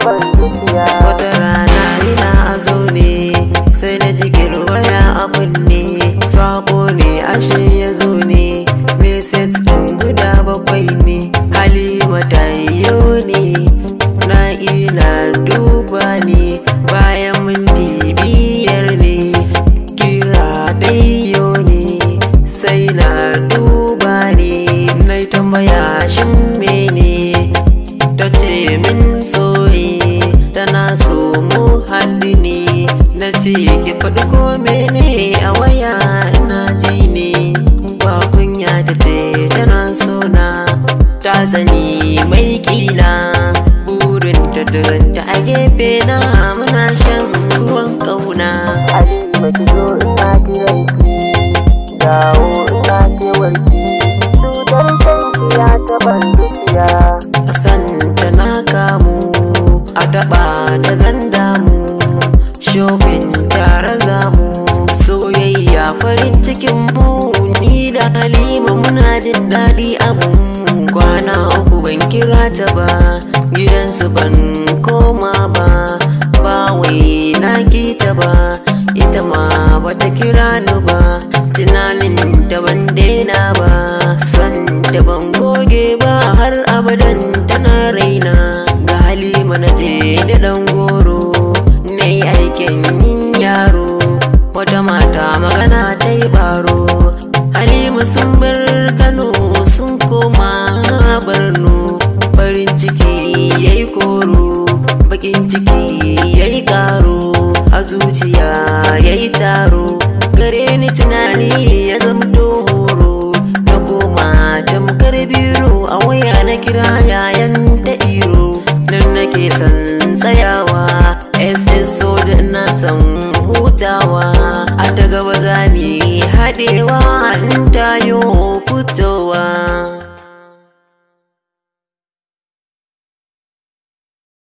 body. mene a waya ina ji ne ba kunya ta tana sona ta zani mai kila burin ta a gefe na muna shan ruwan kauna halima na kamu a taɓa da zan damu shofin tare zamu A farin cikin mu ni da halima muna jin daɗi abun kwana uku ban kira ta ba Gidan su ban koma ba ba wai na ta ba ita ma bata kira ni ba tunanin ta ban daina ba son ta ban goge ba har abadan tana raina ga halima na je da dan goro na yi aikin yin yaro wata mata magana ta yi baro halima sun bar kano sun koma barno farin ciki ya yi koro bakin ciki ya yi karo a zuciya ya yi taro gare ni tunani ya zama horo na koma tamkar biro a waya na kira yayan ta iro nan nake san tsayawa a ta gaba za mu yi haɗewa in tayo fitowa